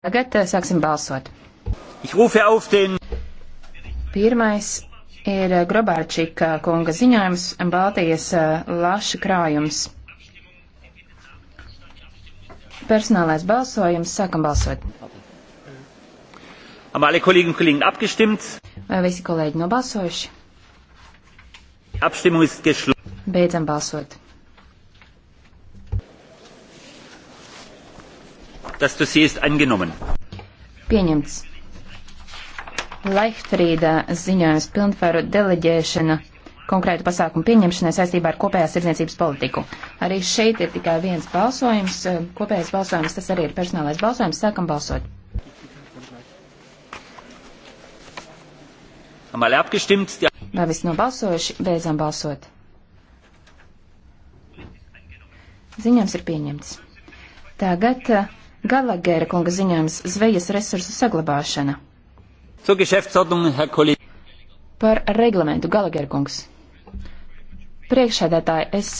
Tagad eh, sāksim balsot. Den... Pirmais ir eh, Grobārčika eh, kunga ziņojums Baltijas laša krājums. Personālais balsojums. Sākam balsot. Kolēģi kolēģi Vai visi kolēģi nobalsojuši? Beidzam balsot. Das Dossier ist angenommen. Pieņemts. Leichtfrīda ziņojums pilnvaru deleģēšana konkrētu pasākumu pieņemšanai saistībā ar kopējās tirdzniecības politiku. Arī šeit ir tikai viens balsojums. Kopējais balsojums, tas arī ir personālais balsojums. Sākam balsot. Vai viss nobalsojuši? Beidzam balsot. Ziņojums ir pieņemts. Tagad Galagēra kunga ziņojums zvejas resursu saglabāšana. Par reglamentu Galagēra kungs. Priekšādātāji, es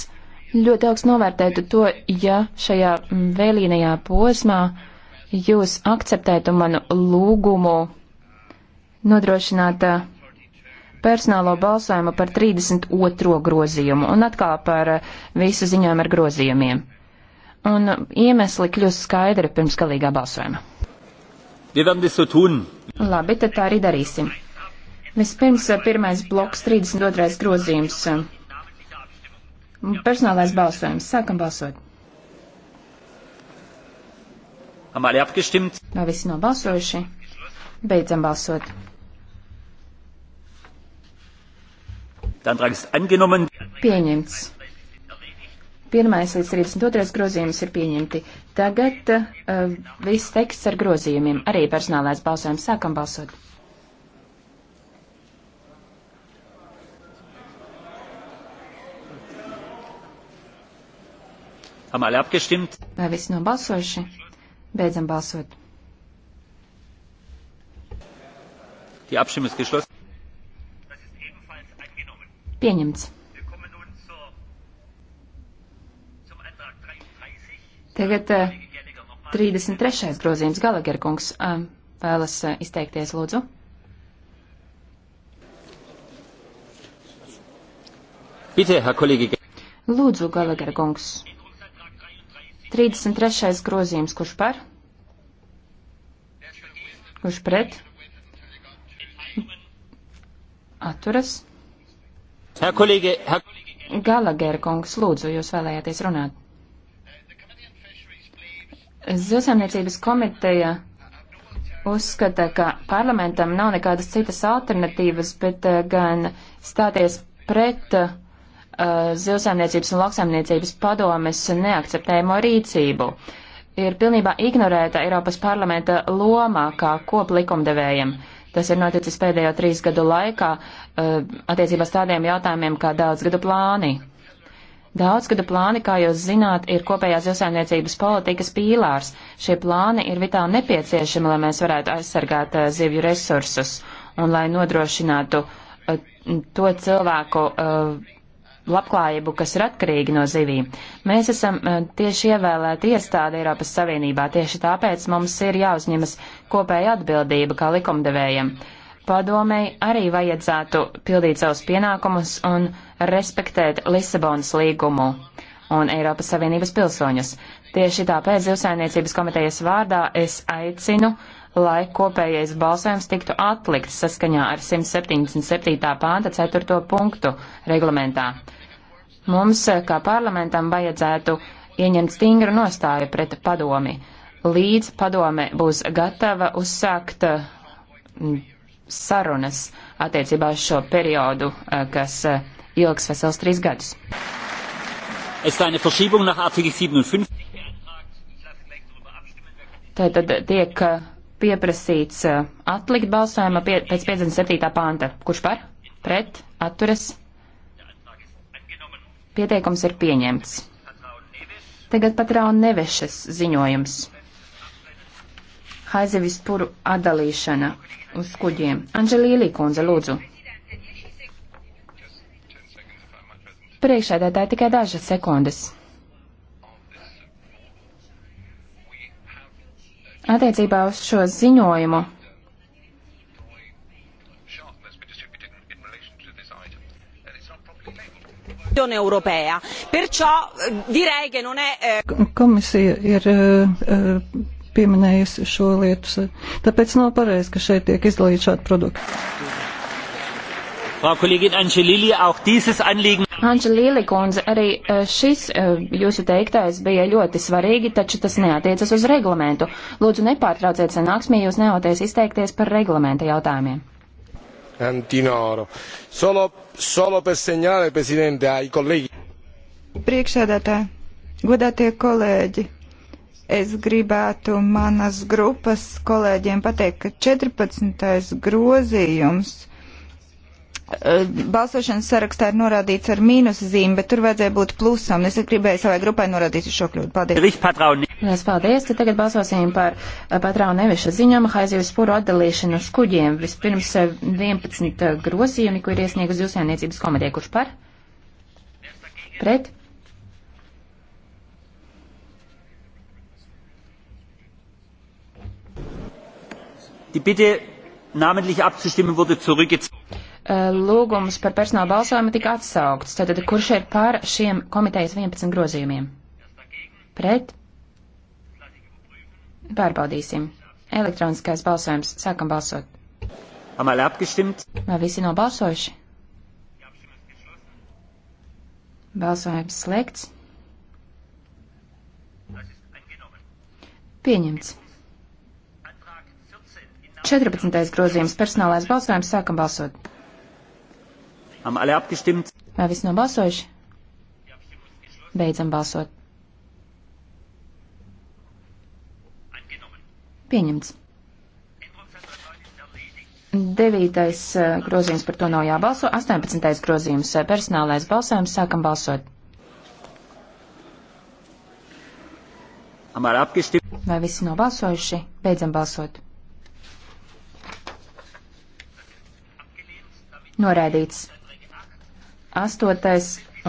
ļoti augstu novērtētu to, ja šajā mm, vēlīnajā posmā jūs akceptētu manu lūgumu nodrošināt eh, personālo balsojumu par 32. grozījumu un atkal par eh, visu ziņojumu ar grozījumiem un iemesli kļūs skaidri pirms galīgā balsojuma. Labi, tad tā arī darīsim. Vispirms eh, pirmais bloks, 32. grozījums. Personālais balsojums. Sākam balsot. Vai visi nobalsojuši? Beidzam balsot. Pieņemts. Pirmais līdz 32. grozījums ir pieņemti. Tagad uh, viss teksts ar grozījumiem. Arī personālais balsojums. Sākam balsot. Vai visi nobalsojuši? Beidzam balsot. Pieņemts. Tagad 33. Eh, grozījums Galagerkungs eh, vēlas eh, izteikties, lūdzu. Lūdzu, Galagerkungs. 33. grozījums, kurš par? Kurš pret? Atturas? Galagerkungs, lūdzu, jūs vēlējāties runāt. Zilsaimniecības komiteja uzskata, ka parlamentam nav nekādas citas alternatīvas, bet eh, gan stāties pret uh, zilsaimniecības un lauksaimniecības padomes neakceptējumu rīcību. Ir pilnībā ignorēta Eiropas parlamenta loma kā koplikumdevējiem. Tas ir noticis pēdējo trīs gadu laikā uh, eh, attiecībās tādiem jautājumiem kā daudz gadu plāni. Daudzgada plāni, kā jūs zināt, ir kopējās zivsaimniecības politikas pīlārs. Šie plāni ir vitāli nepieciešami, lai mēs varētu aizsargāt uh, zivju resursus un lai nodrošinātu uh, to cilvēku uh, labklājību, kas ir atkarīgi no zivīm. Mēs esam tieši ievēlēti iestāde Eiropas Savienībā, tieši tāpēc mums ir jāuzņemas kopēja atbildība kā likumdevējiem. Uh, padomēji arī vajadzētu pildīt savus pienākumus un respektēt Lisabonas līgumu un Eiropas Savienības pilsoņus. Tieši tāpēc Zivsainiecības komitejas vārdā es aicinu, lai kopējais balsojums tiktu atlikts saskaņā ar 177. pānta 4. punktu reglamentā. Mums, kā parlamentam, vajadzētu ieņemt stingru nostāju pret padomi, līdz padome būs gatava uzsākt mm, sarunas attiecībā uz šo periodu, eh, kas eh, ilgs vesels trīs gadus. Tātad tiek eh, pieprasīts atlikt balsojumu pie, pēc 57. panta. Kurš par? Pret? Atturas? Pieteikums ir pieņemts. Tagad pat Rauna Nevešas ziņojums haizivis puru atdalīšana uz kuģiem. Anģelīlī kundze, lūdzu. Priekšēdētāji tikai dažas sekundes. Attiecībā uz šo ziņojumu dell'Unione Europea. Perciò eh, direi che non è. Eh, Komisija ir uh, pieminējusi šo lietu. Tāpēc nav pareizi, ka šeit tiek izdalīta šāda produkta. Frau Kollegin Angelilli, auch dieses Anliegen. Anģelīli kundze, arī e, šis e, jūsu teiktais bija ļoti svarīgi, taču tas neatiecas uz reglamentu. Lūdzu, nepārtrauciet sanāksmī, jūs neoties izteikties par reglamenta jautājumiem. Antinoro. Solo, solo per segnale, presidente, ai kolēģi. Priekšsēdētāji, godātie kolēģi, Es gribētu manas grupas kolēģiem pateikt, ka 14. grozījums e, balsošanas sarakstā ir norādīts ar mīnus zīmi, bet tur vajadzēja būt plusam. Es gribēju savai grupai norādīt šo kļūdu. Paldies! Mēs paldies, tad tagad balsosim par e, Patrāu Neviša ziņām haizivas spuru atdalīšanu uz kuģiem. Vispirms 11 e, grozījumi, ko ir iesniegusi Jūsēniecības komiteja. Kurš par? Pret? Die Bitte, namentlich abzustimmen, wurde zurückgezogen. Äh, lūgums par personālu balsojumu tika atsaukts. Tātad, kurš ir par šiem komitejas 11 grozījumiem? Pret? Pārbaudīsim. Elektroniskais balsojums. Sākam balsot. Vai visi nobalsojuši? Balsojums slēgts. Pieņemts. 14. grozījums personālais balsojums. Sākam balsot. Vai viss nobalsojuši? Beidzam balsot. Pieņemts. Devītais eh, grozījums par to nav jābalso. 18. grozījums eh, personālais balsojums. Sākam balsot. Vai visi nobalsojuši? Beidzam balsot. Noraidīts. 8.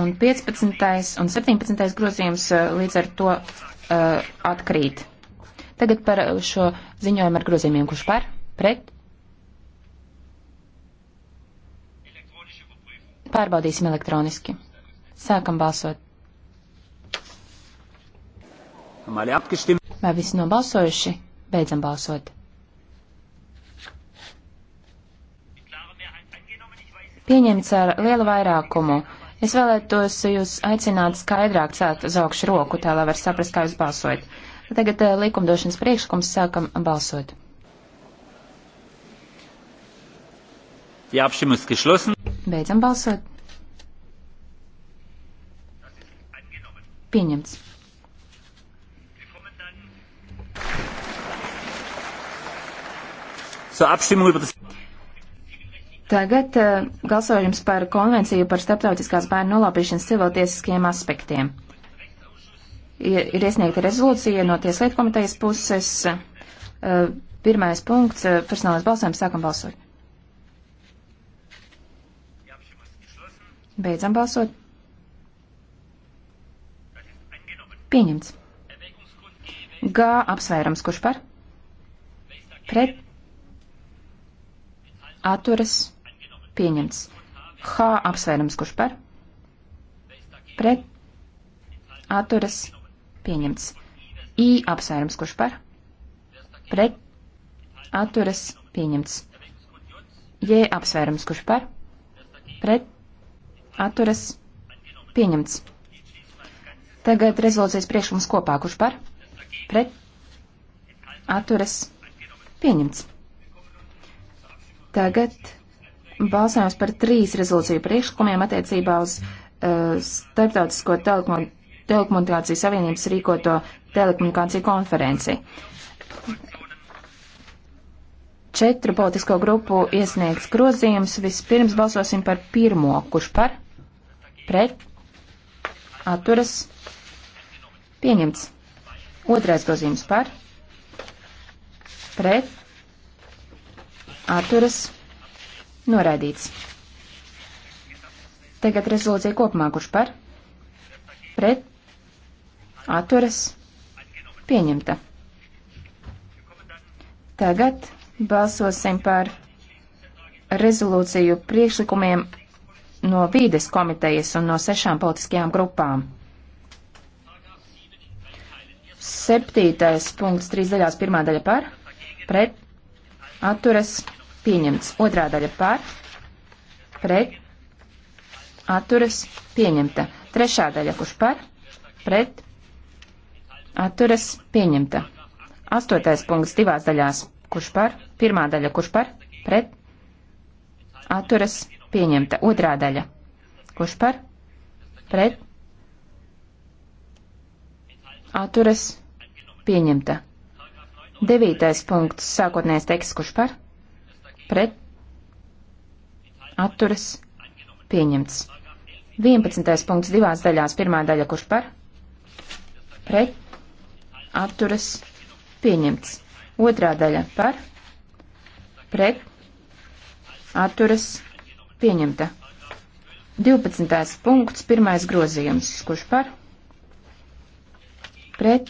un 15. un 17. grozījums eh, līdz ar to uh, atkrīt. Tagad par eh, šo ziņojumu ar grozījumiem, kurš par, pret. Pārbaudīsim elektroniski. Sākam balsot. Vai visi nobalsojuši? Beidzam balsot. pieņemts ar lielu vairākumu. Es vēlētos jūs aicināt skaidrāk celt uz augšu roku, tā lai var saprast, kā jūs balsojat. Tagad eh, likumdošanas priekšlikums sākam balsot. Beidzam balsot. Pieņemts. Zur Abstimmung über das Tagad uh, balsojums par konvenciju par starptautiskās bērnu nolaupīšanas civiltiesiskiem aspektiem. Ir, ir iesniegta rezolūcija no Tieslietu komitejas puses. Uh, pirmais punkts uh, - personālais balsojums. Sākam balsot. Beidzam balsot. Pieņemts. G apsvērums. Kurš par? Pret. Atturas Pieņemts. H apsvērums, kurš par? Pret. Atturas. Pieņemts. I apsvērums, kurš par? Pret. Atturas. Pieņemts. J apsvērums, kurš par? Pret. Atturas. Pieņemts. Tagad rezolūcijas priekšlikums kopā, kurš par? Pret. Atturas. Pieņemts. Tagad balsojums par trīs rezolūciju priekšlikumiem attiecībā uz uh, starptautisko telekomunikāciju savienības rīkoto telekomunikāciju konferenci. Četru politisko grupu iesniegts grozījums. Vispirms balsosim par pirmo, kurš par, pret, atturas, pieņemts. Otrais grozījums par, pret, atturas, pieņemts Noraidīts. Tagad rezolūcija kopumā, kurš par? Pret? Atturas? Pieņemta. Tagad balsosim par rezolūciju priekšlikumiem no vīdes komitejas un no sešām politiskajām grupām. Septītais punkts, trīs daļās, pirmā daļa par, pret, atturas, pieņemts. Otrā daļa par, pret, atturas, pieņemta. Trešā daļa, kurš par, pret, atturas, pieņemta. Astotais punkts divās daļās, kurš par, pirmā daļa, kurš par, pret, atturas, pieņemta. Otrā daļa, kurš par, pret, atturas, pieņemta. Devītais punkts, sākotnējais teksts, kurš par, pret, atturas, pieņemts. 11. punkts divās daļās. Pirmā daļa, kurš par, pret, atturas, pieņemts. Otrā daļa par, pret, atturas, pieņemta. 12. punkts, pirmais grozījums, kurš par, pret,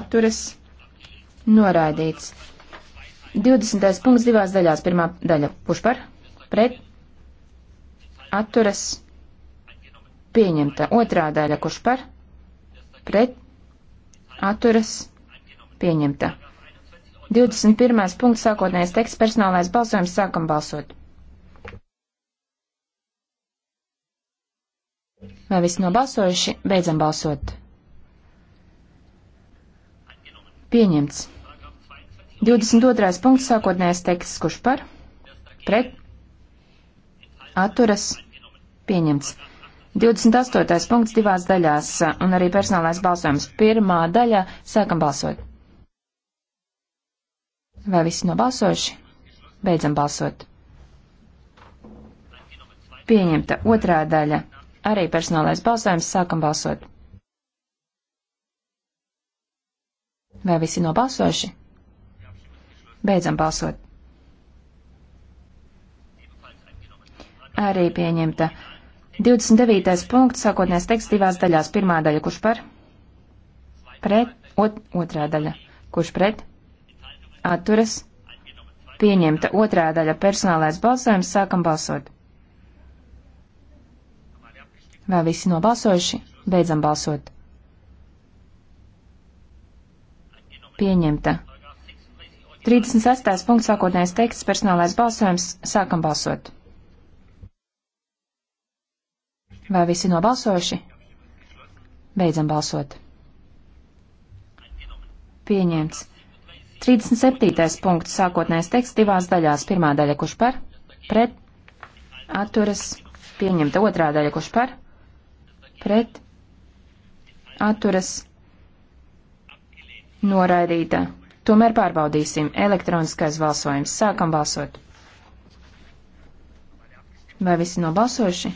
atturas, noraidīts. 20. punkts divās daļās. Pirmā daļa. Kurš par? Pret? Atturas? Pieņemta. Otrā daļa. Kurš par? Pret? Atturas? Pieņemta. 21. punkts sākotnējais teksts personālais balsojums sākam balsot. Vai visi nobalsojuši? Beidzam balsot. Pieņemts. 22. punkts sākotnējais teksts, kurš par, pret, atturas, pieņemts. 28. punkts divās daļās un arī personālais balsojums. Pirmā daļa sākam balsot. Vai visi nobalsojuši? Beidzam balsot. Pieņemta otrā daļa. Arī personālais balsojums sākam balsot. Vai visi nobalsojuši? Beidzam balsot. Arī pieņemta. 29. punkts, sākotnēs teksts divās daļās. Pirmā daļa, kurš par? Pret. Ot, otrā daļa, kurš pret? Atturas. Pieņemta otrā daļa personālais balsojums, sākam balsot. Vai visi nobalsojuši? Beidzam balsot. Pieņemta. 36. punkts sākotnējais teksts, personālais balsojums, sākam balsot. Vai visi nobalsojuši? Beidzam balsot. Pieņemts. 37. punkts sākotnējais teksts divās daļās. Pirmā daļa, kurš par, pret, atturas, pieņemta. Otrā daļa, kurš par, pret, atturas, noraidīta. Tomēr pārbaudīsim elektroniskais balsojums. Sākam balsot. Vai visi nobalsojuši?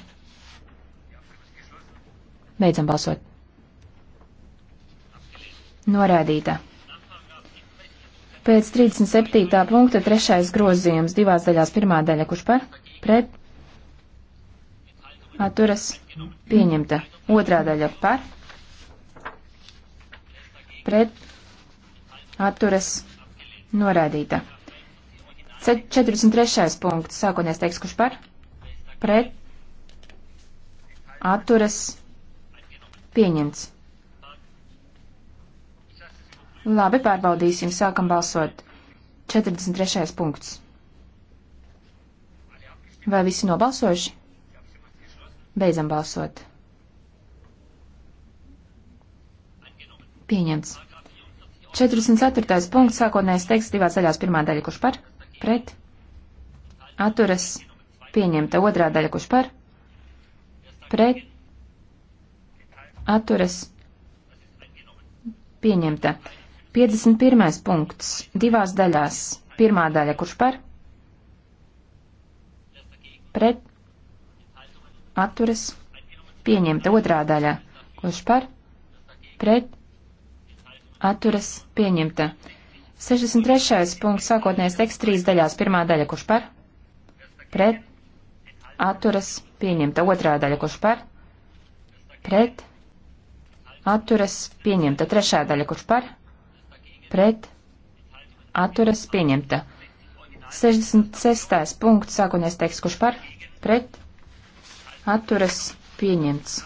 Beidzam balsot. Norādīta. Pēc 37. punkta trešais grozījums divās daļās pirmā daļa, kurš par? Pret? Atturas? Pieņemta. Otrā daļa par? Pret? atturas norādīta. 43. punkts. Sākotnēs teiks, kurš par? Pret. Atturas. Pieņemts. Labi, pārbaudīsim. Sākam balsot. 43. punkts. Vai visi nobalsojuši? Beidzam balsot. Pieņemts. 44. punkts, sākotnējais teksts divās daļās. Pirmā daļa, kurš par, pret, atturas, pieņemta. Otrā daļa, kurš par, pret, atturas, pieņemta. 51. punkts, divās daļās. Pirmā daļa, kurš par, pret, atturas, pieņemta. Otrā daļa, kurš par, pret, atturas atturas pieņemta. 63. punkts sākotnējais teksts trīs daļās. Pirmā daļa, kurš par? Pret. Atturas pieņemta. Otrā daļa, kurš par? Pret. Atturas pieņemta. Trešā daļa, kurš par? Pret. Atturas pieņemta. 66. punkts sākotnējais teksts, kurš par? Pret. Atturas pieņemts.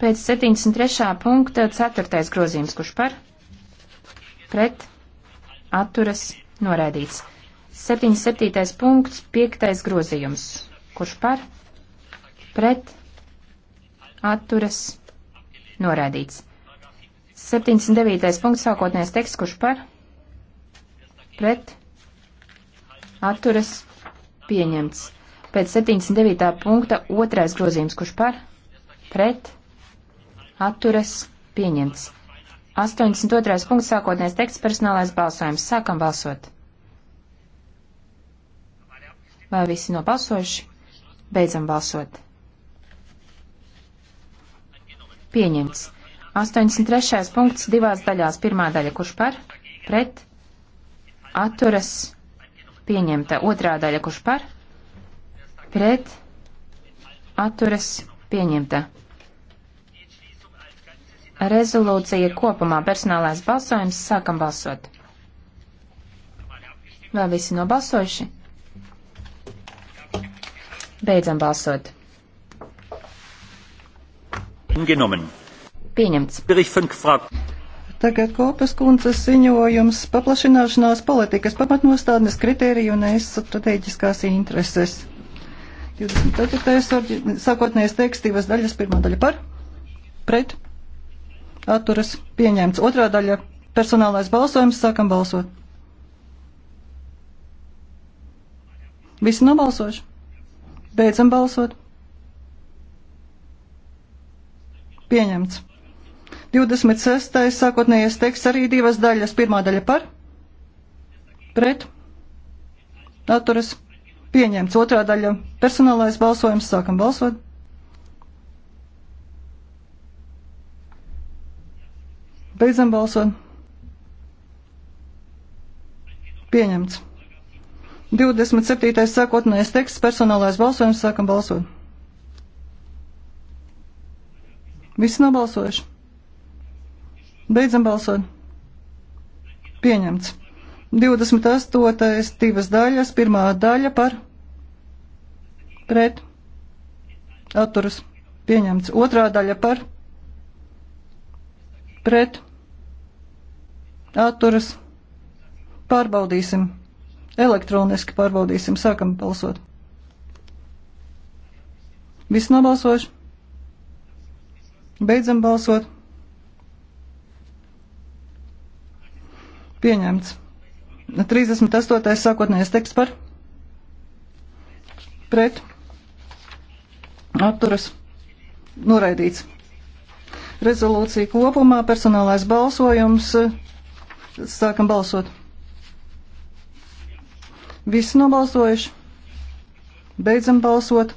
Pēc 73. punkta 4. grozījums, kurš par? pret, atturas, noraidīts. 77. punkts, 5. grozījums. Kurš par, pret, atturas, noraidīts. 79. punkts, sākotnējais teksts, kurš par, pret, atturas, pieņemts. Pēc 79. punkta otrais grozījums, kurš par, pret, atturas, pieņemts. 82. punkts sākotnēs teksts personālais balsojums. Sākam balsot. Vai visi nobalsojuši? Beidzam balsot. Pieņemts. 83. punkts divās daļās. Pirmā daļa, kurš par? Pret. Atturas. Pieņemta. Otrā daļa, kurš par? Pret. Atturas. Pieņemta rezolūcija kopumā personālais balsojums. Sākam balsot. Vai visi nobalsojuši? Beidzam balsot. Genomen. Pieņemts. Tagad kopas kundzes ziņojums paplašināšanās politikas pamatnostādnes kritēriju un es strateģiskās intereses. 24. sākotnējais teksts divas daļas, pirmā daļa par, pret, atturas pieņemts. Otrā daļa personālais balsojums. Sākam balsot. Visi nobalsoši. Beidzam balsot. Pieņemts. 26. sākotnējais teksts arī divas daļas. Pirmā daļa par, pret, atturas, pieņemts. Otrā daļa personālais balsojums. Sākam balsot. Beidzam balsot. Pieņemts. 27. sākotnējais teksts, personālais balsojums, sākam balsot. Visi nobalsojuši. Beidzam balsot. Pieņemts. 28. divas daļas, pirmā daļa par pret atturus. Pieņemts. Otrā daļa par pret atturus atturas, pārbaudīsim, elektroniski pārbaudīsim, sākam balsot. Viss nobalsojuši? Beidzam balsot. Pieņemts. 38. sākotnējais teksts par pret atturas noraidīts. Rezolūcija kopumā personālais balsojums Sākam balsot. Visi nobalsojuši. Beidzam balsot.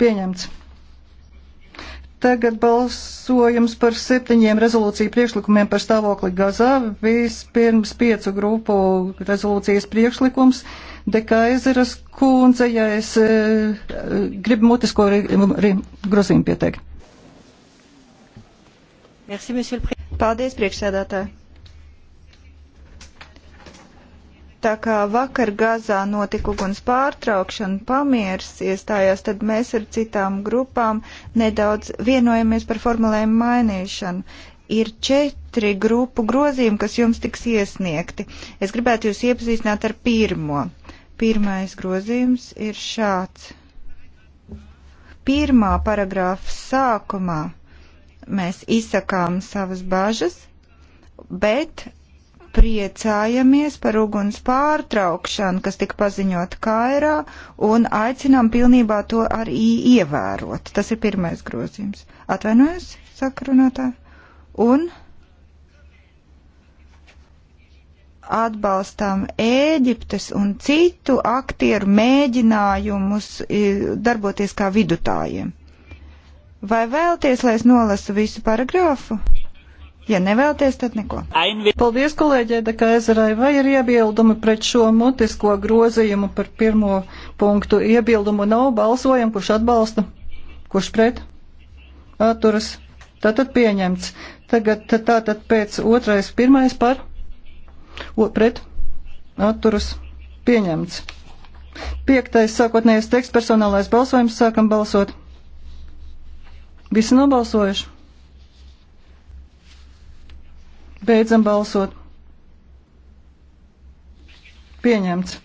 Pieņemts. Tagad balsojums par septiņiem rezolūciju priekšlikumiem par stāvokli Gazā. Vispirms piecu grupu rezolūcijas priekšlikums. Dekaizeras kundze, ja es e, gribu mutisko grozījumu pieteikt. Merci, monsieur le président. Paldies, priekšsēdētāji. Tā kā vakar Gazā notika uguns pārtraukšana, pamieris iestājās, tad mēs ar citām grupām nedaudz vienojamies par formulējumu mainīšanu. Ir četri grupu grozījumi, kas jums tiks iesniegti. Es gribētu jūs iepazīstināt ar pirmo. Pirmais grozījums ir šāds. Pirmā paragrāfa sākumā mēs izsakām savas bažas, bet priecājamies par uguns pārtraukšanu, kas tika paziņota Kairā, un aicinām pilnībā to arī ievērot. Tas ir pirmais grozījums. Atvainojos, saka runātā. Un atbalstām Ēģiptes un citu aktieru mēģinājumus eh, darboties kā vidutājiem. Vai vēlties, lai es nolasu visu paragrāfu? Ja nevēlties, tad neko. Paldies kolēģē Dekaizerai. Vai ir iebildumi pret šo mutisko grozījumu par pirmo punktu? Iebildumu nav. Balsojam, kurš atbalsta, kurš pret? Atturas. Tātad pieņemts. Tagad tātad pēc otrais pirmais par? O, pret? Atturas. Pieņemts. Piektais sākotnējais teksts personālais balsojums. Sākam balsot. Visi nobalsojuši? Beidzam balsot. Pieņemts.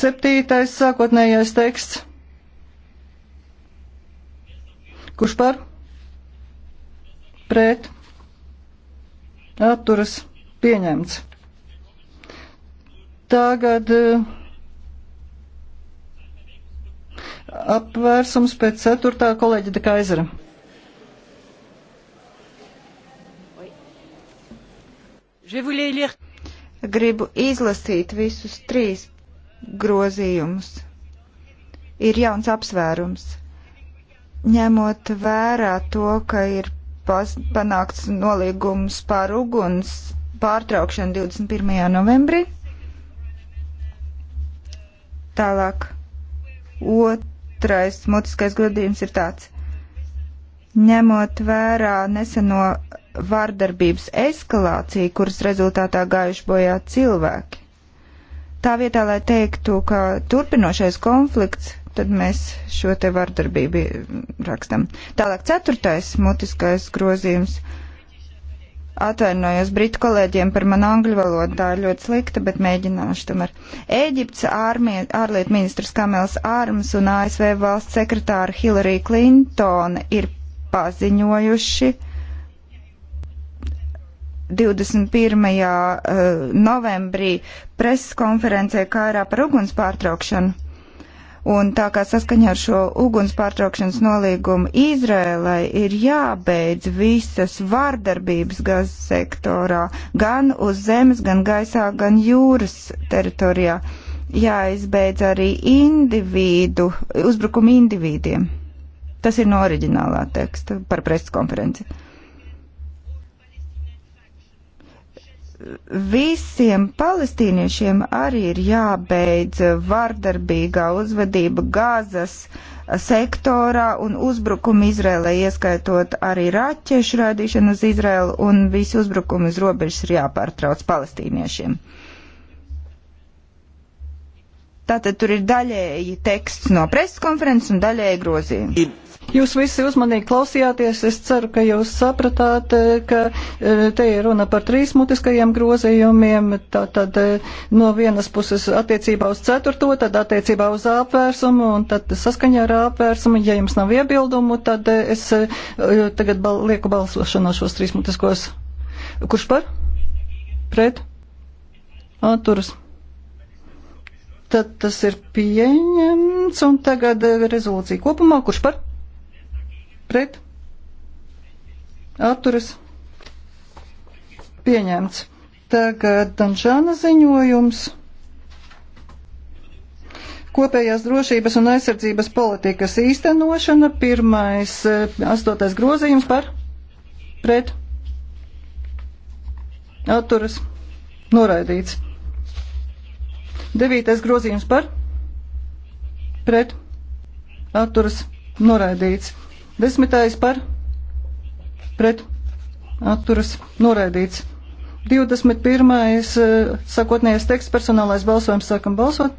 Septītais sākotnējais teksts. Kurš par? Pret. Atturas. Pieņemts. Tagad eh, apvērsums pēc ceturtā kolēģa Dekaizera. Gribu izlasīt visus trīs grozījumus. Ir jauns apsvērums. Ņemot vērā to, ka ir panākts nolīgums pār uguns pārtraukšanu 21. novembrī. Tālāk otrais mutiskais grozījums ir tāds. Ņemot vērā neseno vārdarbības eskalāciju, kuras rezultātā gājuši bojā cilvēki. Tā vietā, lai teiktu, ka turpinošais konflikts, tad mēs šo te vārdarbību rakstam. Tālāk ceturtais mutiskais grozījums. Atvainojos britu kolēģiem par manu angļu valodu, tā ir ļoti slikta, bet mēģināšu tomēr. Ēģipts ārlietu ministrs Kamels Ārms un ASV valsts sekretāra Hillary Clinton ir paziņojuši, uh, 21. Eh, novembrī preses konferencē Kairā par uguns pārtraukšanu. Un tā kā saskaņā ar šo uguns pārtraukšanas nolīgumu Izrēlai ir jābeidz visas vārdarbības gazas sektorā, gan uz zemes, gan gaisā, gan jūras teritorijā, jāizbeidz arī individu, uzbrukumu individiem. Tas ir no oriģinālā teksta par preses konferenci. visiem palestīniešiem arī ir jābeidz vardarbīgā uzvedība gāzas sektorā un uzbrukumi Izrēlē, ieskaitot arī raķešu raidīšanu uz Izrēlu, un visi uzbrukumi uz robežas ir jāpārtrauc palestīniešiem. Tātad tur ir daļēji teksts no preses konferences un daļēji grozījumi. Jūs visi uzmanīgi klausījāties. Es ceru, ka jūs sapratāt, eh, ka eh, te ir runa par trīs mutiskajiem grozījumiem. Tātad eh, no vienas puses attiecībā uz ceturto, tad attiecībā uz apvērsumu un tad saskaņā ar apvērsumu. Ja jums nav iebildumu, tad es tagad bal lieku balsošanā šos trīs mutiskos. Kurš par? Pret? Atturas tad tas ir pieņemts, un tagad rezolūcija kopumā, kurš par? pret, atturas, pieņemts. Tagad Danžāna ziņojums. Kopējās drošības un aizsardzības politikas īstenošana, pirmais, eh, astotais grozījums par, pret, atturas, noraidīts. Devītais grozījums par, pret, atturas, noraidīts. Desmitais par pret atturas noraidīts. 21. Eh, sakotnējais teksts personālais balsojums sākam balsot.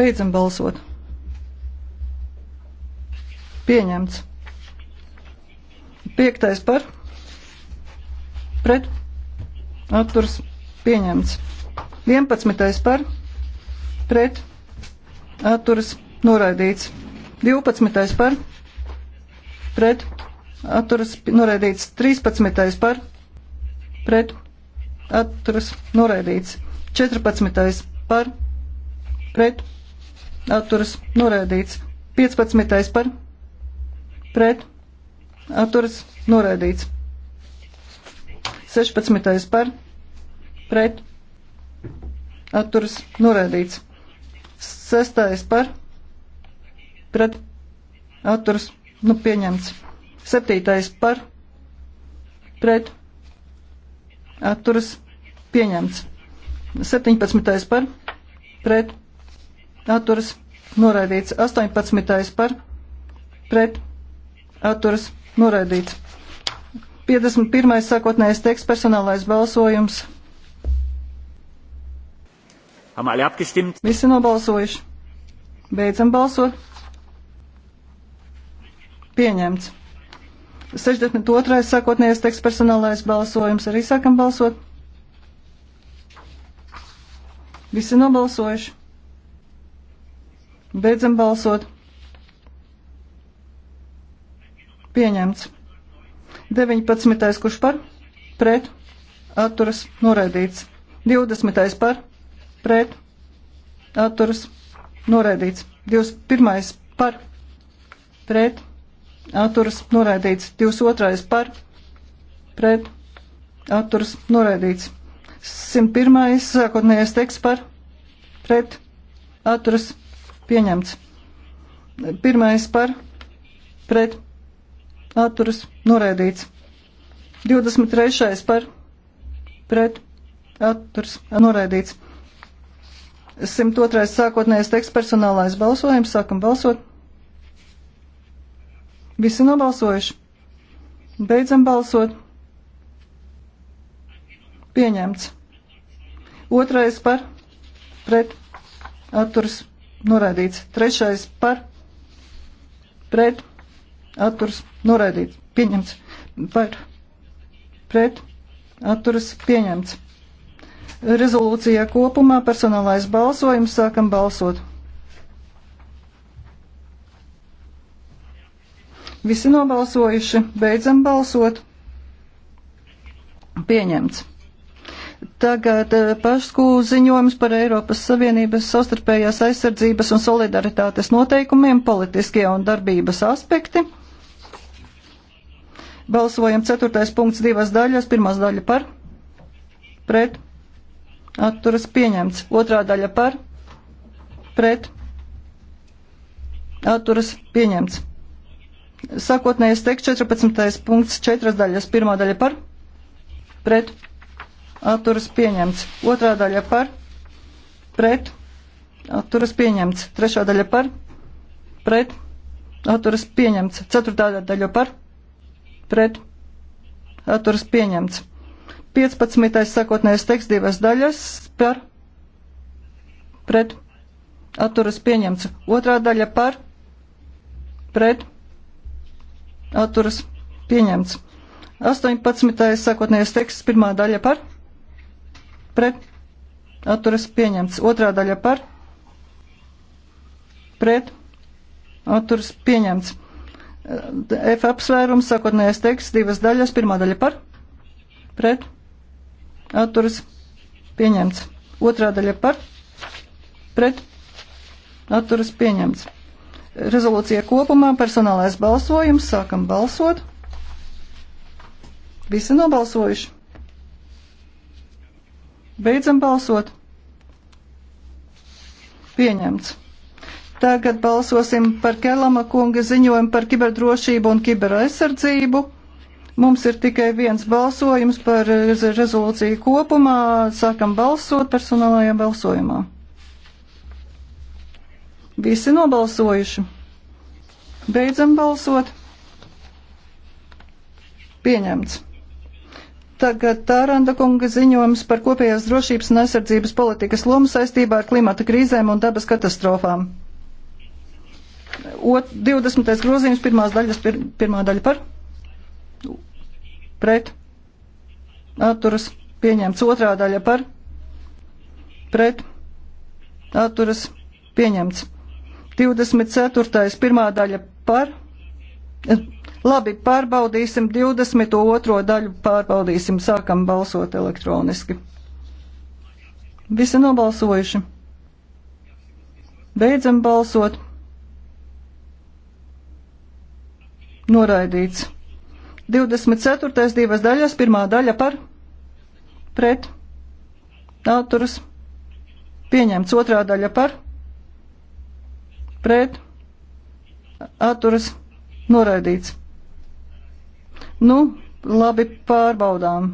Beidzam balsot. Pieņemts. Piektais par. Pret. Atturs. Pieņemts. Vienpadsmitais par pret atturas noraidīts. 12. par pret atturas noraidīts. 13. par pret atturas noraidīts. 14. par pret atturas noraidīts. 15. par pret atturas noraidīts. 16. par pret atturas noraidīts. Sestais par pret atturs nu pieņemts. Septītais par pret atturs pieņemts. Septiņpadsmitais par pret atturs noraidīts. Astoņpadsmitais par pret atturs noraidīts. 51. sākotnējais teksts personālais balsojums. Haben alle abgestimmt? Visi nobalsojuši. Beidzam balsot. Pieņemts. 62. sākotnējais teksts personālais balsojums. Arī sākam balsot. Visi nobalsojuši. Beidzam balsot. Pieņemts. 19. kurš par? Pret. Atturas. Noraidīts. 20. par? pret atturas noraidīts. 21. par pret atturas noraidīts. 22. par pret atturas noraidīts. 101. sākotnējais teksts par pret atturas pieņemts. Pirmais par pret atturas noraidīts. 23. par pret atturas noraidīts. 102. sākotnējais teksts personālais balsojums. Sākam balsot. Visi nobalsojuši. Beidzam balsot. Pieņemts. Otrais par pret atturs noraidīts. Trešais par pret atturs noraidīts. Pieņemts. Par pret atturs pieņemts. Rezolūcijā kopumā personālais balsojums sākam balsot. Visi nobalsojuši, beidzam balsot. Pieņemts. Tagad eh, pašku ziņojums par Eiropas Savienības sastarpējās aizsardzības un solidaritātes noteikumiem, politiskie un darbības aspekti. Balsojam ceturtais punkts divas daļas, pirmās daļa par, pret, atturas pieņemts. Otrā daļa par, pret, atturas pieņemts. Sākotnējais teksts 14. punkts 4 daļas. Pirmā daļa par, pret, atturas pieņemts. Otrā daļa par, pret, atturas pieņemts. Trešā daļa par, pret, atturas pieņemts. Ceturtā daļa par, pret, atturas pieņemts. 15. sakotnējais teksts divas daļas par pret atturas pieņemts. Otrā daļa par pret atturas pieņemts. 18. sakotnējais teksts pirmā daļa par pret atturas pieņemts. Otrā daļa par pret atturas pieņemts. F apsvērums sakotnējais teksts divas daļas. Pirmā daļa par pret atturas pieņemts. Otrā daļa par pret atturas pieņemts. Rezolūcija kopumā personālais balsojums. Sākam balsot. Visi nobalsojuši. Beidzam balsot. Pieņemts. Tagad balsosim par Kelama kunga ziņojumu par kiberdrošību un kiberaizsardzību. Mums ir tikai viens balsojums par rezolūciju kopumā. Sākam balsot personālajā balsojumā. Visi nobalsojuši. Beidzam balsot. Pieņemts. Tagad Tāranda kunga ziņojums par kopējās drošības un aizsardzības politikas lomu saistībā ar klimata krīzēm un dabas katastrofām. Ot, 20. grozījums, pirmās daļas, pir, pirmā daļa par pret, atturas, pieņemts otrā daļa par, pret, atturas, pieņemts. 24. pirmā daļa par, eh, labi, pārbaudīsim 22. daļu, pārbaudīsim, sākam balsot elektroniski. Visi nobalsojuši. Beidzam balsot. Noraidīts. 24. divas daļas, pirmā daļa par pret atturas pieņemts, otrā daļa par pret atturas noraidīts. Nu, labi pārbaudām.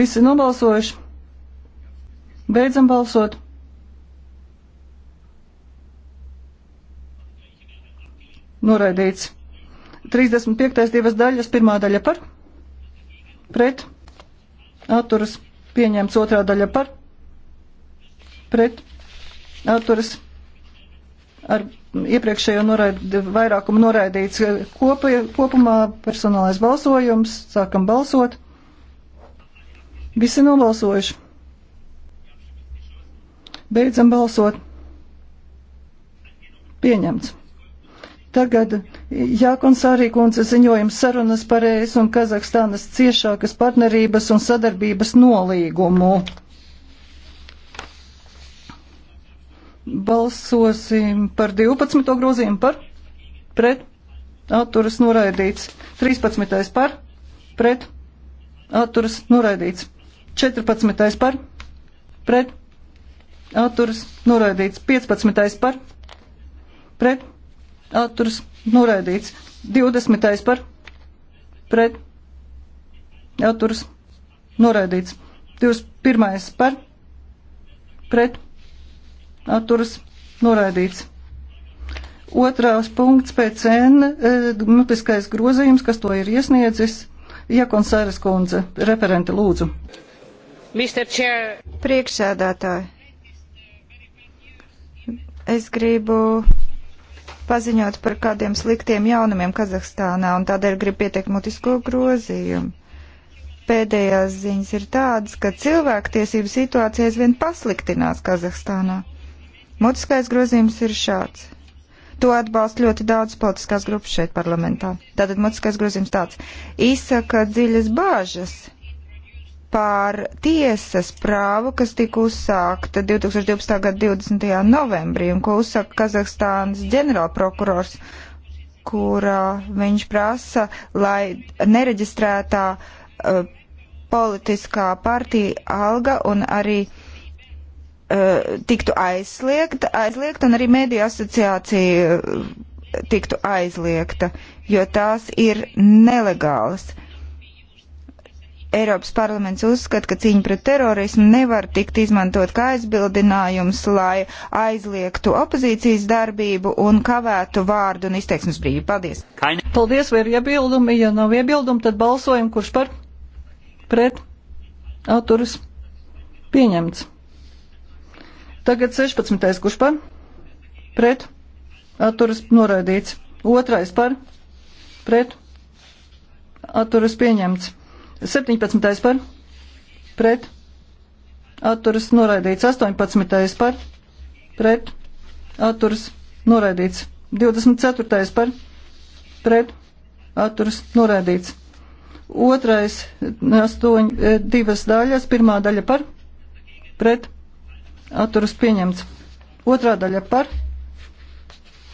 Visi nobalsojuši. Beidzam balsot. Noraidīts. 35. divas daļas, pirmā daļa par, pret, atturas, pieņemts otrā daļa par, pret, atturas, ar iepriekšējo noraid, vairākumu noraidīts kopi, kopumā personālais balsojums, sākam balsot. Visi nobalsojuši. Beidzam balsot. Pieņemts. Tagad Jākonsārī kundze ziņojums sarunas par ES un Kazahstānas ciešākas partnerības un sadarbības nolīgumu. Balsosim par 12. grozījumu par, pret, atturas noraidīts. 13. par, pret, atturas noraidīts. 14. par, pret, atturas noraidīts. 15. par, pret, atturs noraidīts. 20. par pret atturs noraidīts. 21. par pret atturs noraidīts. Otrās punkts pēc N, e, mutiskais grozījums, kas to ir iesniedzis, Jekonsāres kundze, referente lūdzu. Priekšsēdētāji, es gribu paziņot par kādiem sliktiem jaunumiem Kazahstānā, un tādēļ grib pieteikt mutisko grozījumu. Pēdējās ziņas ir tādas, ka cilvēktiesību situācija aizvien pasliktinās Kazahstānā. Mutiskais grozījums ir šāds. To atbalsta ļoti daudz politiskās grupas šeit parlamentā. Tātad mutiskais grozījums tāds - izsaka dziļas bāžas par tiesas prāvu, kas tika uzsākta 2012. gada 20. novembrī un ko uzsaka Kazahstānas ģenerālprokurors, kurā viņš prasa, lai nereģistrētā uh, politiskā partija alga un arī uh, tiktu aizliegta, aizliegta un arī mediju asociācija uh, tiktu aizliegta, jo tās ir nelegālas. Eiropas parlaments uzskata, ka cīņa pret terorismu nevar tikt izmantot kā aizbildinājums, lai aizliegtu opozīcijas darbību un kavētu vārdu un izteiksmes brīvību. Paldies! Paldies, vai ir iebildumi? Ja nav iebildumi, tad balsojam, kurš par pret atturas pieņemts. Tagad 16. kurš par pret atturas noraidīts. Otrais par pret atturas pieņemts. 17. par pret atturas noraidīts. 18. par pret atturas noraidīts. 24. par pret atturas noraidīts. Otrais astoņ, eh, divas daļas, pirmā daļa par pret atturas pieņemts. Otrā daļa par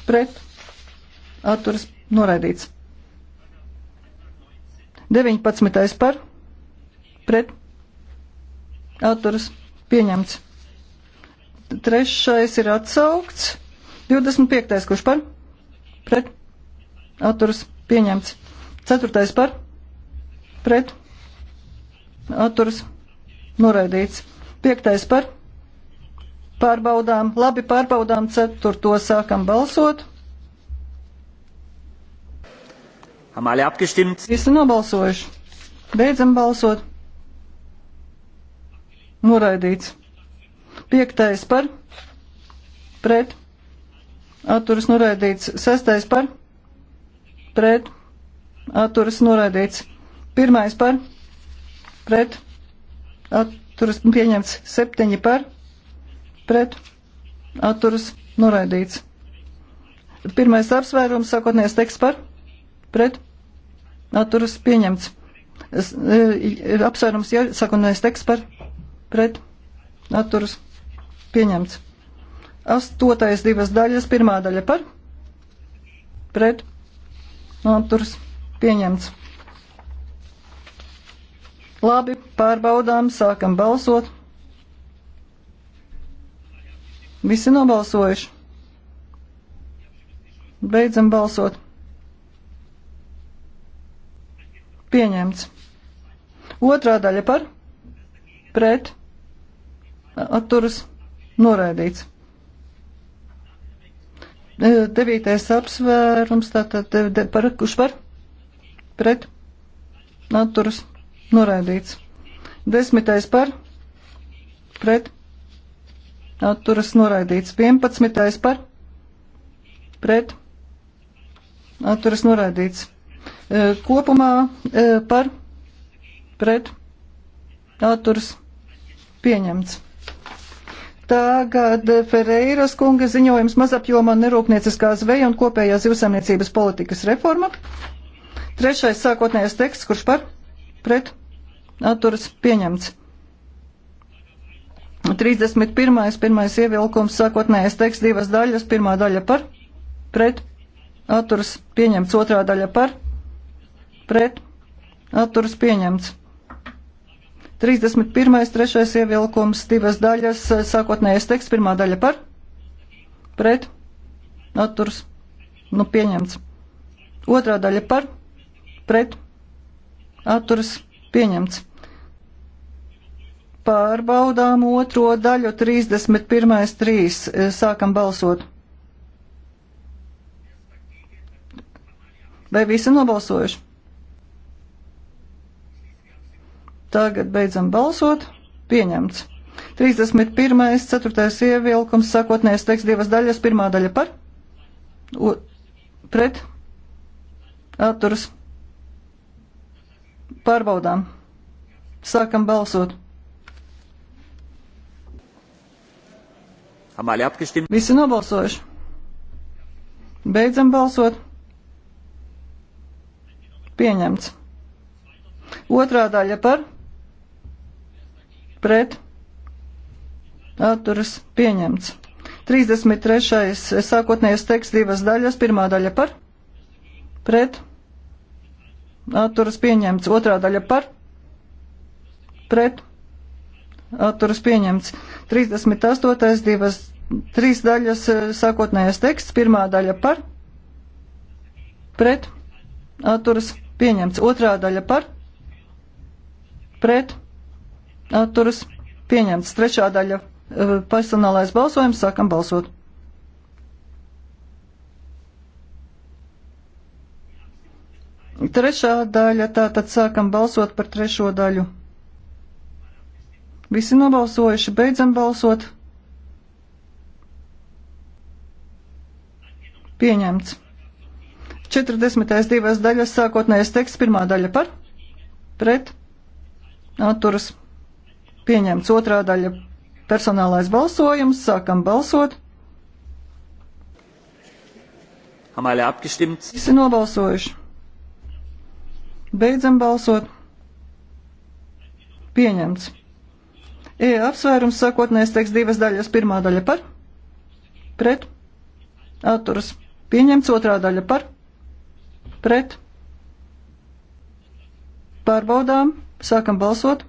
pret atturas noraidīts. 19. par pret atturas pieņemts. Trešais ir atsaukts. 25. kurš par pret atturas pieņemts. Ceturtais par pret atturas noraidīts. Piektais par pārbaudām. Labi pārbaudām ceturto sākam balsot. Haben alle abgestimmt? Visi nobalsojuši. Beidzam balsot. Noraidīts. Piektais par. Pret. Atturas noraidīts. Sestais par. Pret. Atturas noraidīts. Pirmais par. Pret. Atturas pieņemts. Septiņi par. Pret. Atturas noraidīts. Pirmais apsvērums, sākotnējais teksts par. Pret atturas pieņemts. Es, e, apsvērums jāsakunējas teksts par pret atturas pieņemts. Astotais divas daļas, pirmā daļa par pret atturas pieņemts. Labi, pārbaudām, sākam balsot. Visi nobalsojuši. Beidzam balsot. Pieņemts. Otrā daļa par, pret, atturas, noraidīts. E, devītais apsvērums, tātad de, de, par, kurš par, pret, atturas, noraidīts. Desmitais par, pret, atturas, noraidīts. Vienpadsmitais par, pret, atturas, noraidīts. Kopumā par pret atturs pieņemts. Tagad Ferreiras kunga ziņojums mazapjoma nerūpnieciskā zveja un kopējā zivsaimniecības politikas reforma. Trešais sākotnējais teksts, kurš par pret atturas pieņemts. 31. pirmais ievilkums sākotnējais teksts divas daļas, pirmā daļa par pret atturas pieņemts, otrā daļa par pret atturas pieņemts. 31. trešais ievilkums, divas daļas, sākotnējais teksts, pirmā daļa par, pret, atturs, nu pieņemts. Otrā daļa par, pret, atturs, pieņemts. Pārbaudām otro daļu, 31. 3. Sākam balsot. Vai visi nobalsojuši? Tagad beidzam balsot. Pieņemts. 31. 4. ievilkums, sākotnējais teksts divas daļas, pirmā daļa par, o, pret, atturas, pārbaudām, sākam balsot. Visi nobalsojuši. Beidzam balsot. Pieņemts. Otrā daļa par pret atturas pieņemts. 33. Eh, sākotnējais teksts divas daļas. Pirmā daļa par pret atturas pieņemts. Otrā daļa par pret atturas pieņemts. 38. divas trīs daļas eh, sākotnējais teksts. Pirmā daļa par pret atturas pieņemts. Otrā daļa par pret atturas pieņemts atturas pieņemts. Trešā daļa eh, personālais balsojums. Sākam balsot. Trešā daļa, tātad sākam balsot par trešo daļu. Visi nobalsojuši, beidzam balsot. Pieņemts. 40. divas daļas sākotnējais teksts, pirmā daļa par, pret, atturas Pieņemts otrā daļa personālais balsojums. Sākam balsot. Visi nobalsojuši. Beidzam balsot. Pieņemts. E apsvērums sākotnēs teiks divas daļas. Pirmā daļa par, pret, atturas. Pieņemts otrā daļa par, pret. Pārbaudām, sākam balsot.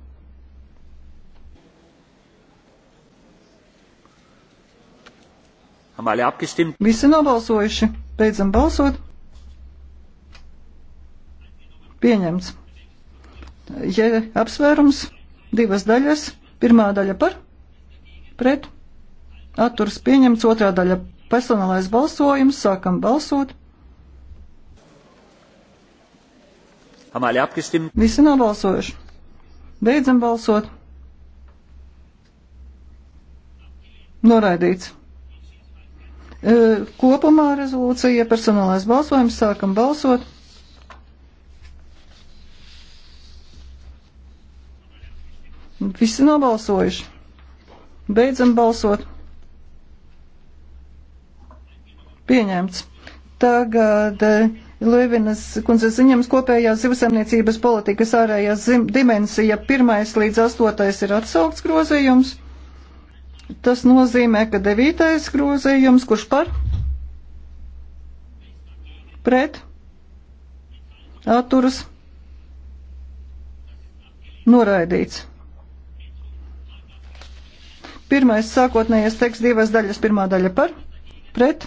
Visi nobalsojuši. Beidzam balsot. Pieņemts. Ja apsvērums divas daļas. Pirmā daļa par, pret, atturs pieņemts. Otrā daļa personālais balsojums. Sākam balsot. Visi nobalsojuši. Beidzam balsot. Noraidīts. Kopumā rezolūcija personālais balsojums sākam balsot. Visi nobalsojuši. Beidzam balsot. Pieņemts. Tagad Levinas kundze ziņams kopējās zivsaimniecības politikas ārējās dimensija. Pirmais līdz astotais ir atsaukts grozījums. Tas nozīmē, ka devītais grozījums, kurš par? Pret? Atturas? Noraidīts. Pirmais sākotnējais teksts divas daļas. Pirmā daļa par? Pret?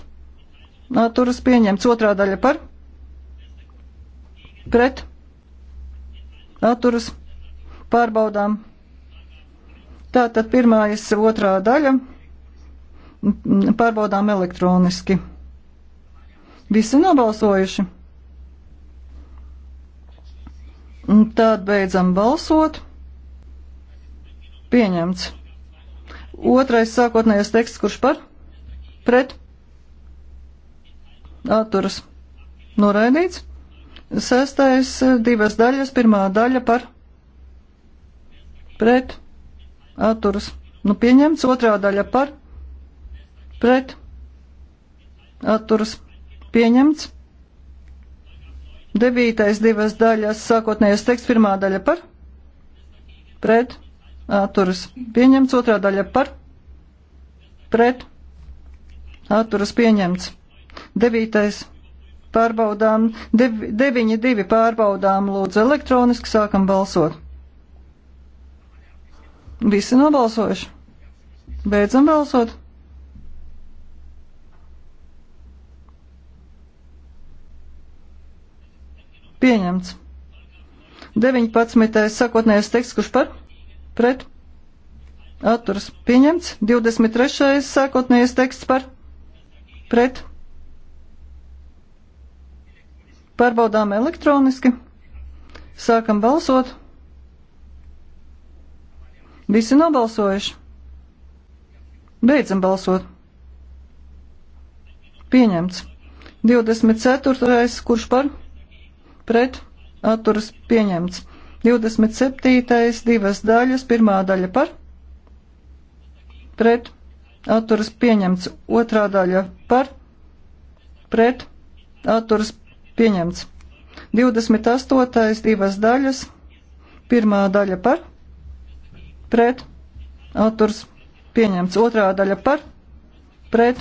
Atturas pieņemts. Otrā daļa par? Pret? Atturas? Pārbaudām. Tātad pirmais, otrā daļa. Pārbaudām elektroniski. Visi nobalsojuši. Tad beidzam balsot. Pieņemts. Otrais sākotnējais teksts, kurš par? Pret? Atturas. Noraidīts. Sestais divas daļas, pirmā daļa par? Pret? atturas nu pieņemts, otrā daļa par, pret, atturas pieņemts, devītais divas daļas sākotnējais teksts, pirmā daļa par, pret, atturas pieņemts, otrā daļa par, pret, atturas pieņemts, devītais pārbaudām, dev, deviņi divi pārbaudām lūdzu elektroniski sākam balsot. Visi nobalsojuši. Beidzam balsot. Pieņemts. 19. sakotnējais teksts, kurš par? Pret? Atturs. Pieņemts. 23. sakotnējais teksts par? Pret? Pārbaudām elektroniski. Sākam balsot. Visi nobalsojuši. Beidzam balsot. Pieņemts. 24. kurš par? Pret. Atturas pieņemts. 27. divas daļas. Pirmā daļa par? Pret. Atturas pieņemts. Otrā daļa par? Pret. Atturas pieņemts. 28. divas daļas. Pirmā daļa par? pret, atturs pieņemts. Otrā daļa par, pret,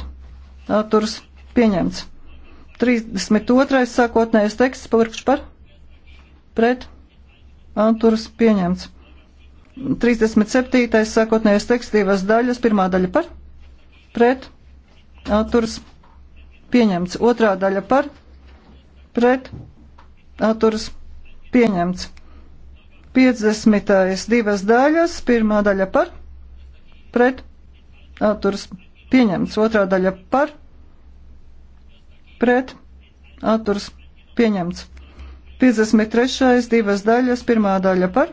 atturs pieņemts. 32. sākotnējais teksts pavirkš par, pret, atturs pieņemts. 37. sākotnējais teksts divas daļas, pirmā daļa par, pret, atturs pieņemts. Otrā daļa par, pret, atturs pieņemts. 50. divas daļas, pirmā daļa par, pret, atturas pieņemts, otrā daļa par, pret, atturas pieņemts. 53. divas daļas, pirmā daļa par,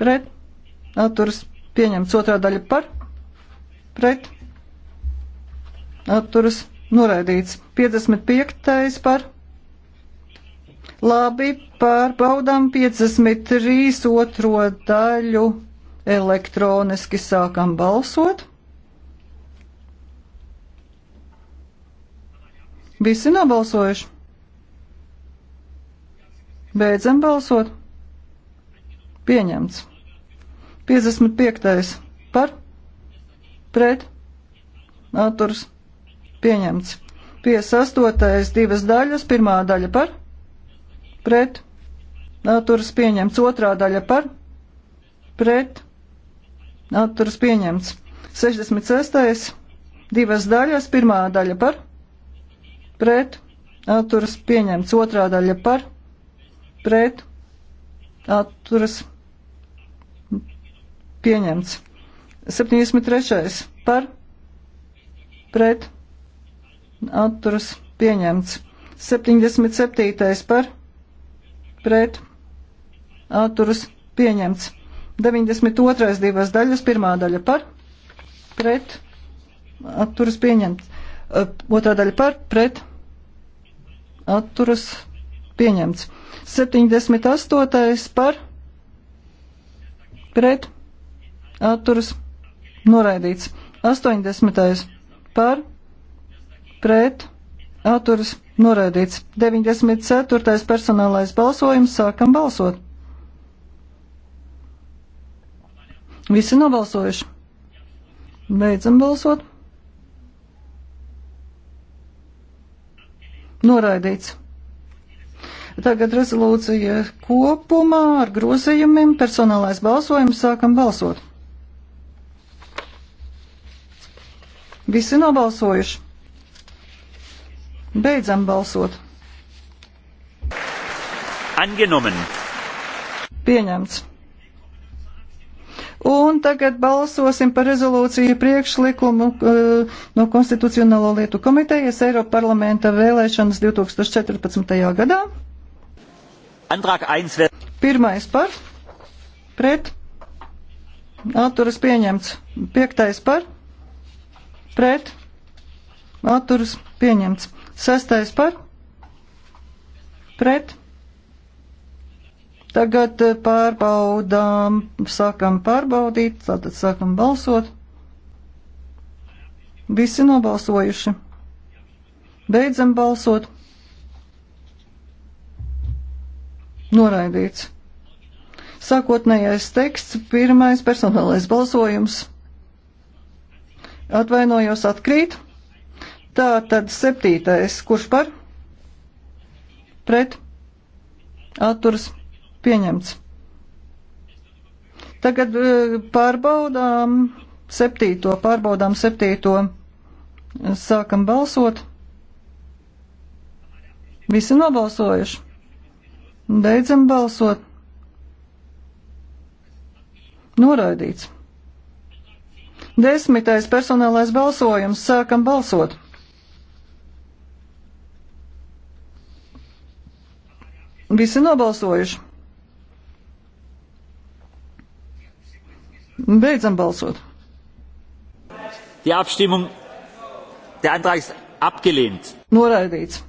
pret, atturas pieņemts, otrā daļa par, pret, atturas noraidīts. 55. par, pret Labi, pārbaudām 53 otro daļu elektroniski sākam balsot. Visi nobalsojuši. Beidzam balsot. Pieņemts. 55. par, pret, atturs, pieņemts. 58. divas daļas, pirmā daļa par, pret, atturas pieņemts. Otrā daļa par, pret, atturas pieņemts. 66. divas daļas, pirmā daļa par, pret, atturas pieņemts. Otrā daļa par, pret, atturas pieņemts. 73. par, pret, atturas pieņemts. 77. par, pret atturas pieņemts. 92. divas daļas, pirmā daļa par, pret, atturas pieņemts. Otrā daļa par, pret, atturas pieņemts. 78. par, pret, atturas noraidīts. 80. par, pret, atturas noraidīts. 94. personālais balsojums sākam balsot. Visi nobalsojuši. Beidzam balsot. Noraidīts. Tagad rezolūcija kopumā ar grozījumiem. Personālais balsojums sākam balsot. Visi nobalsojuši. Beidzam balsot. Angenomen. Pieņemts. Un tagad balsosim par rezolūciju priekšlikumu uh, no Konstitucionālo lietu komitejas Eiropa parlamenta vēlēšanas 2014. gadā. Antrāk 1. Pirmais par, pret, atturas pieņemts. Piektais par, pret, atturas pieņemts. Sastais par? Pret? Tagad eh, pārbaudām, sākam pārbaudīt, tātad sākam balsot. Visi nobalsojuši. Beidzam balsot. Noraidīts. Sākotnējais teksts, pirmais personālais balsojums. Atvainojos atkrīt. Tā tad septītais, kurš par? Pret? Atturs pieņemts. Tagad e, pārbaudām septīto, pārbaudām septīto. Sākam balsot. Visi nobalsojuši. Beidzam balsot. Noraidīts. Desmitais personālais balsojums. Sākam balsot. Visi nobalsojuši. Beidzam balsot. Die Abstimmung, der Antrag ist abgelehnt. Noraidīts.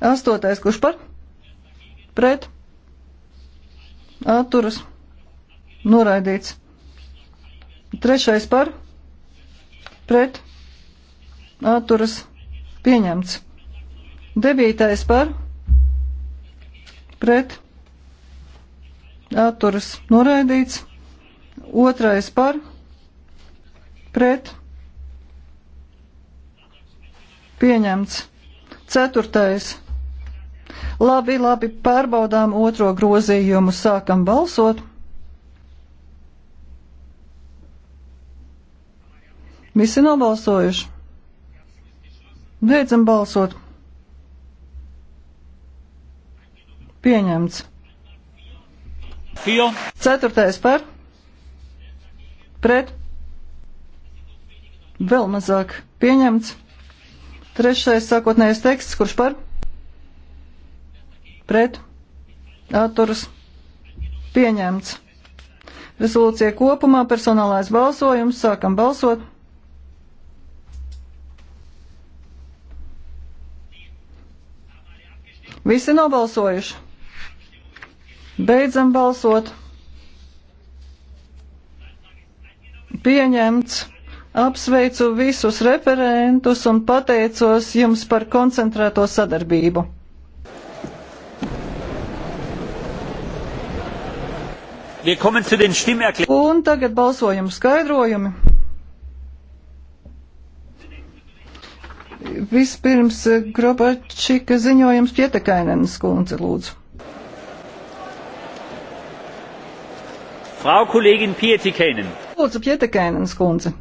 Astotais, kurš par? Pret? Atturas. Noraidīts. Trešais par? Pret? Atturas. Pieņemts. Devītais par? pret atturas noraidīts, otrais par pret pieņemts, ceturtais. Labi, labi, pārbaudām otro grozījumu, sākam balsot. Visi nobalsojuši. Beidzam balsot. Pieņemts. Fio. Ceturtais par. Pret. Vēl mazāk. Pieņemts. Trešais sākotnējais teksts, kurš par. Pret. Atturas. Pieņemts. Rezolūcija kopumā personālais balsojums. Sākam balsot. Visi nobalsojuši. Beidzam balsot. Pieņemts. Apsveicu visus referentus un pateicos jums par koncentrēto sadarbību. Un tagad balsojumu skaidrojumi. Vispirms Grobačika ziņojums Pietekainēnas kundze lūdzu. Frau Kollegin Pietikainen. Lūdzu, Pietikainen skundze.